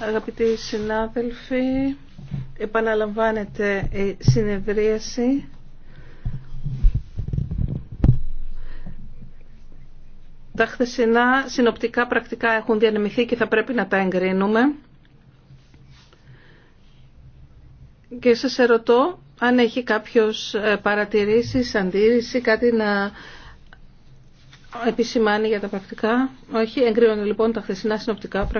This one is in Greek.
Αγαπητοί συνάδελφοι, επαναλαμβάνεται η συνεδρίαση. Τα χθεσινά συνοπτικά πρακτικά έχουν διανεμηθεί και θα πρέπει να τα εγκρίνουμε. Και σας ερωτώ αν έχει κάποιος ε, παρατηρήσεις, αντίρρηση, κάτι να επισημάνει για τα πρακτικά. Όχι, εγκρίνονται λοιπόν τα χθεσινά συνοπτικά